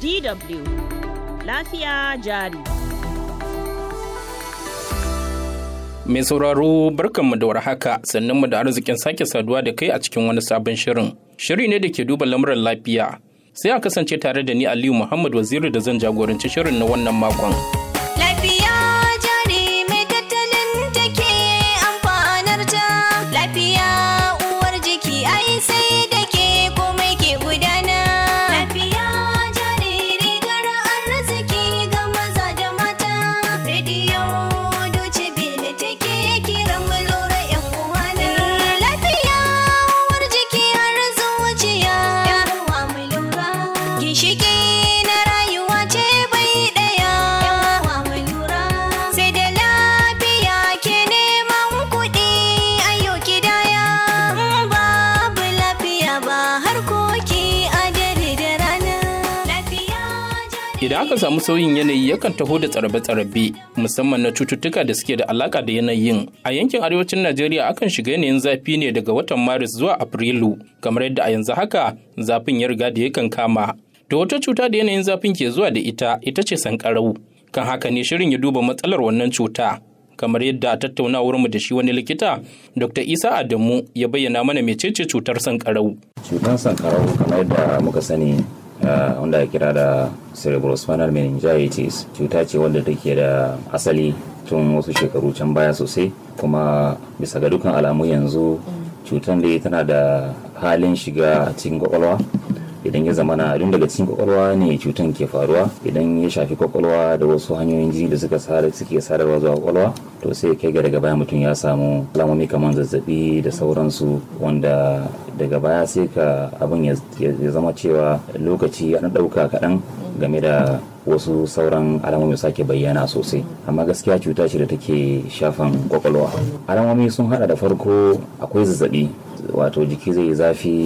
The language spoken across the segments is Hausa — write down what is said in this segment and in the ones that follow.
DW lafiya jari. Mai sauraro barkanmu da warhaka mu da arzikin sake saduwa da kai a cikin wani sabon shirin. Shiri ne da ke duba lamuran lafiya. Sai a kasance tare da ni Aliyu Muhammad Waziri da zan jagoranci shirin na wannan makon. Idan aka samu sauyin yanayi yakan taho da tsarabe-tsarabe musamman na cututtuka da suke da alaka da yanayin. A yankin arewacin Najeriya akan shiga yanayin zafi ne daga watan Maris zuwa Afrilu, kamar yadda a yanzu haka zafin ya riga da yakan kama. Da wata cuta da yanayin zafin ke zuwa da ita, ita ce sankarau. Kan haka ne shirin ya duba matsalar wannan cuta. Kamar yadda a tattaunawar mu da shi wani likita, Dr. Isa Adamu ya bayyana mana mecece cutar sankarau. Cutar sankarau kamar yadda muka sani Uh, wanda ya kira da cerebrospinal meningitis cuta ce wanda take da asali tun wasu shekaru can baya sosai kuma bisa ga dukkan alamu yanzu mm. cutan dai tana da halin shiga cikin kwakwalwa idan ya zamana idan daga cikin kwakwalwa ne cutan ke faruwa idan ya shafi kwakwalwa da wasu hanyoyin jini da suka sare suke sadarwa zuwa kwakwalwa to sai kai ga daga baya mutum ya samu alamomi kamar zazzabi da sauransu wanda daga baya sai ka abin ya zama cewa lokaci ya ɗauka kaɗan game da wasu sauran alamomi sake bayyana sosai amma gaskiya cuta ce da take shafan kwakwalwa alamomi sun hada da farko akwai zazzabi wato jiki zai yi zafi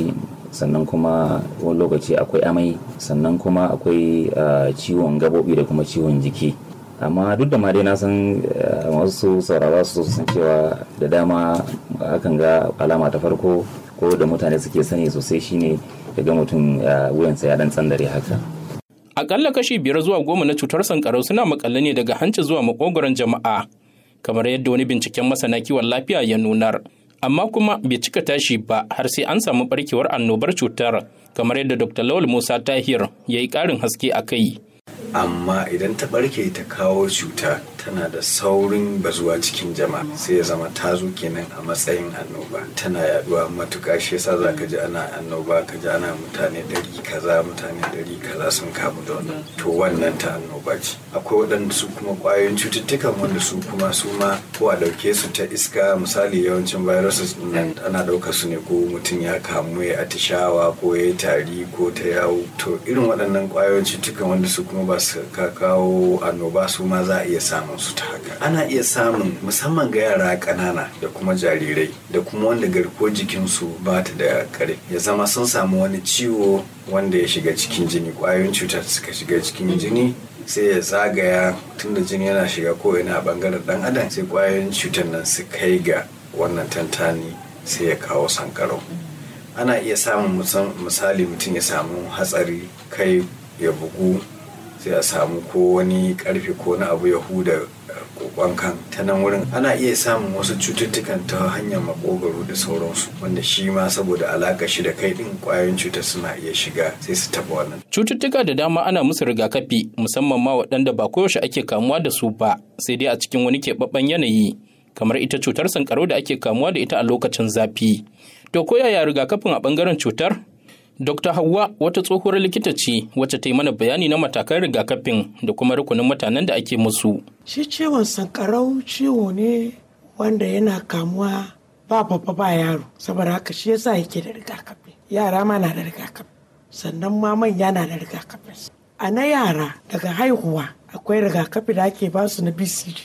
sannan kuma wani lokaci akwai amai sannan kuma akwai ah, ciwon gabobi da kuma ciwon jiki amma duk da ma dai na san masu ah, saurara su san cewa da dama akan ga alama ta farko ko da mutane suke sani sosai shine daga mutum ah, wuyansa ya dan tsandare haka akalla kashi biyar zuwa goma na cutar sankarau suna makalle ne daga hanci zuwa makogoron jama'a kamar yadda wani binciken masana kiwon lafiya ya nunar amma kuma bai cika tashi ba har sai an samu barkewar annobar cutar kamar yadda dr lawal musa tahir ya yi ƙarin haske a kai amma idan ta barke ta kawo cuta tana da saurin bazuwa cikin jama'a sai ya zama ta zo kenan a matsayin annoba tana yaduwa matuka shi yasa za ka ji ana annoba ka ji ana mutane dari kaza mutane dari kaza sun kamu da wannan to wannan ta annoba ce akwai waɗanda su kuma ƙwayoyin cututtukan wanda su kuma su ma ko a ɗauke su ta iska misali yawancin viruses nan ana ɗauka su ne ko mutum ya kamu ya atishawa ko ya tari ko ta yawo to irin waɗannan ƙwayoyin cututtukan wanda su kuma ba su kawo annoba su ma za a iya samu ta haka ana iya samun musamman ga yara ƙanana da kuma jarirai da kuma wanda garkuwar jikinsu ba ta da kare ya zama sun samu wani ciwo wanda ya shiga cikin jini ƙwayoyin cuta suka shiga cikin jini sai ya zagaya tunda jini yana shiga ko yana bangaren dan adam sai ƙwayoyin cutar nan su kai ga wannan tantani sai ya kawo sankarau ana iya samun misali mutum ya samu hatsari kai ya bugu sai a samu ko wani karfe ko na abu ya huda kokon ta nan wurin ana iya samun wasu cututtukan ta hanyar makogaro da sauransu wanda shi ma saboda alaka shi da kai din kwayoyin cuta suna iya shiga sai su taba wannan cututtuka da dama ana musu rigakafi musamman ma waɗanda ba koyaushe ake kamuwa da su ba sai dai a cikin wani keɓaɓɓen yanayi kamar ita cutar sankarau da ake kamuwa da ita a lokacin zafi to ko yaya rigakafin a ɓangaren cutar Dr. Hauwa wata tsohuwar likita ce wacce ta yi mana bayani na matakan rigakafin da kuma rukunin mutanen da ake musu. Shi ciwon sankarau ciwo ne wanda yana kamuwa ba babba ba yaro saboda haka shi yasa yake da rigakafi. Yara ma na da rigakafi sannan ma manya na da rigakafi. A na yara daga haihuwa akwai rigakafi da ake basu na BCG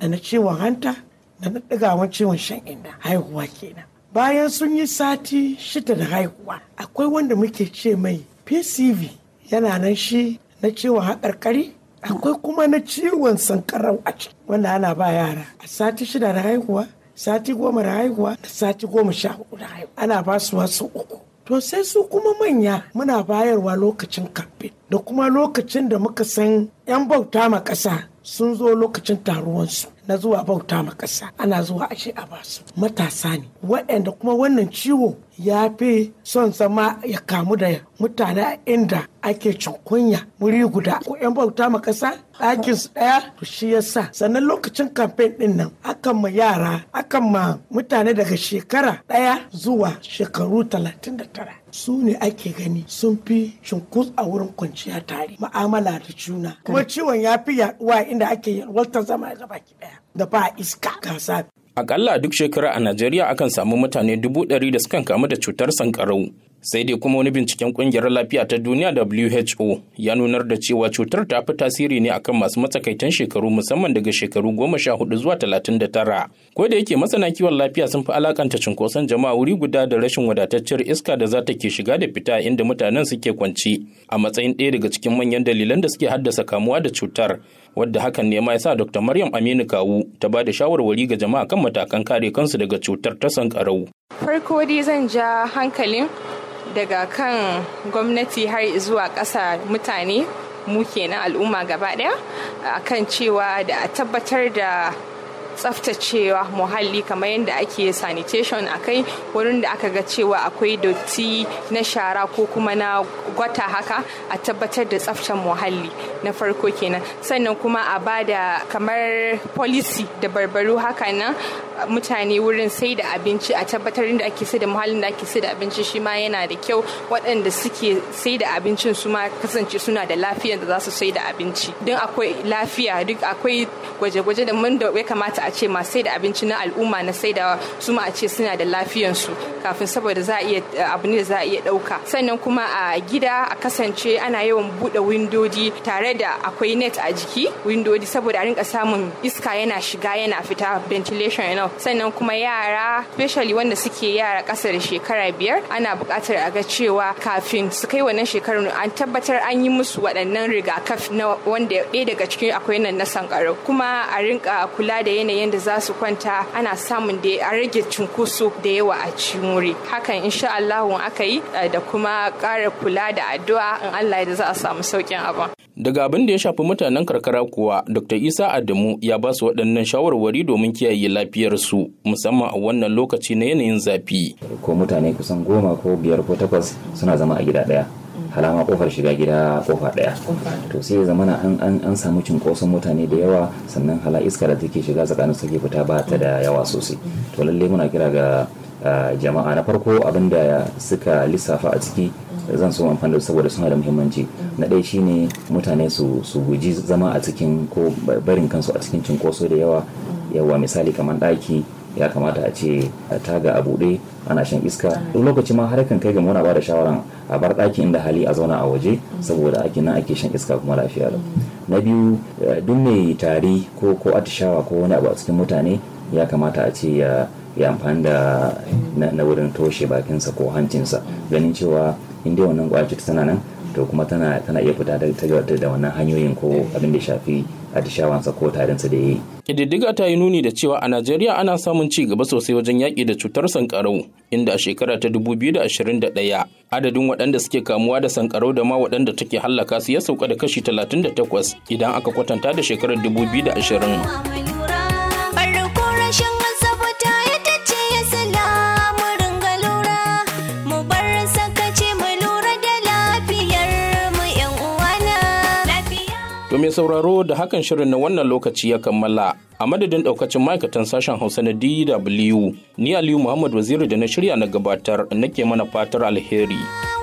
da na ciwon hanta da na ɗigawan ciwon shan inda, haihuwa kenan. bayan sun yi sati shida da haihuwa akwai wanda muke ce mai pcv yana nan shi na ciwon haƙarƙari akwai kuma na ciwon sankarar a ciki wanda ana ba yara a sati shida da haihuwa sati goma da haihuwa da sati goma sha hudu da haihuwa ana ba su wasu uku to sai su kuma manya muna bayarwa lokacin kamfe da kuma lokacin da muka san 'yan bauta ma ƙasa sun zo lokacin taruwansu na zuwa bauta ma ƙasa ana zuwa ashe a basu matasa ne waɗanda kuma wannan ciwo ya fi son zama ya kamu da mutane a inda ake cinkunya wuri guda ko 'yan bauta ma ƙasa ɗakin su ɗaya to shi yasa sannan lokacin kamfen ɗin nan akan ma yara akan ma mutane daga shekara ɗaya zuwa shekaru talatin da tara su ne ake gani sun fi cunkus a wurin kwanciya tare ma'amala da juna kuma ciwon ya fi yaɗuwa inda ake yalwatar zama gaba ki ɗaya da ba iska ga Akalla duk shekara a Najeriya akan samu mutane dubu ɗari da sukan kamu da cutar sankarau. sai dai kuma wani binciken kungiyar lafiya ta duniya who ya nunar da cewa cutar ta fi tasiri ne akan masu matsakaitan shekaru musamman daga shekaru goma sha hudu zuwa talatin da tara ko da yake masana kiwon lafiya sun fi alakanta cunkoson jama'a wuri guda da rashin wadatacciyar iska da za ta ke shiga da fita inda mutanen suke kwanci a matsayin ɗaya daga cikin manyan dalilan da suke haddasa kamuwa da cutar wadda hakan ne ma ya sa dr maryam aminu kawu ta ba da shawarwari ga jama'a kan matakan kare kansu daga cutar ta sankarau farko dai zan ja hankalin daga kan gwamnati har zuwa ƙasa mutane mu kenan al'umma gaba ɗaya akan cewa da a tabbatar da tsaftacewa muhalli kamar yadda ake sanitation a kai wurin da aka ga cewa akwai dotti na shara ko kuma na gwata haka a tabbatar da tsaftar muhalli na farko kenan sannan kuma a ba da kamar policy da barbaru haka na mutane wurin sai da abinci a tabbatar da ake sai da muhallin da ake sai da abinci shi ma yana da kyau waɗanda suke sai da abincin su ma kasance suna da lafiya da za su sai da abinci don akwai lafiya duk akwai gwaje-gwaje da mun da ya kamata a ce masu sai da abinci na al'umma na da su ma a ce suna da lafiyansu kafin saboda za a iya abu ne da za a iya ɗauka sannan kuma a gida a kasance ana yawan buɗe windoji tare da akwai net a jiki windoji saboda a rinka samun iska yana shiga yana fita ventilation yana sannan kuma yara especially wanda suke yara ƙasa da shekara biyar ana buƙatar a ga cewa kafin su kai wannan shekarun an tabbatar an yi musu waɗannan rigakafi na wanda ɗaya daga cikin akwai nan na sankarau kuma a rinka kula da yanayin da za su kwanta ana samun da a rage cunkusu da yawa a cikin wuri hakan insha Allah aka yi eh, da kuma ƙara kula da addu'a in Allah da za a samu saukin abin daga abin da ya shafi mutanen karkara kuwa dr isa adamu ya ba su waɗannan shawarwari domin kiyaye lafiyar su musamman a wannan lokaci na yanayin zafi ko mutane kusan goma ko biyar ko takwas suna zama a gida ɗaya halama kofar shiga gida kofa daya to sai ya zamana an an samu cinkoson mutane da yawa sannan hala iska da take shiga tsakanin suke fita ba ta da yawa sosai to lalle muna kira ga jama'a na farko abin da suka lissafa a ciki zan so amfani da saboda suna da muhimmanci na ɗaya shine mutane su su guji zama a cikin ko barin kansu a cikin cinkoso da yawa yawa misali kamar ɗaki ya kamata a ce taga a buɗe ana shan iska duk lokaci ma har kan kai ga muna bada da shawaran a bar ɗakin inda hali a zauna a waje saboda ake nan ake shan iska kuma lafiya lau na biyu eh, duk mai tari ko ko atishawa ko wani abu a cikin mutane ya kamata a ce ya ya amfani da na wurin toshe bakinsa ko hancinsa ganin cewa inda wannan kwaci tana nan to kuma tana tana iya fita da wannan hanyoyin ko abin da shafi atishawansa ko tarinsa da ya yi. Ƙididdiga ta yi nuni da cewa a Najeriya ana samun ci gaba sosai wajen yaƙi da cutar sankarau, inda a shekara ta 2021 adadin waɗanda suke kamuwa da sankarau da ma waɗanda take hallaka su ya sauka da kashi 38 idan aka kwatanta da shekarar 2020. mai sauraro da hakan shirin na wannan lokaci ya kammala a madadin daukacin ma'aikatan sashen Hausa na DW ni Aliyu Muhammad Waziri da na shirya na gabatar nake mana fatar alheri.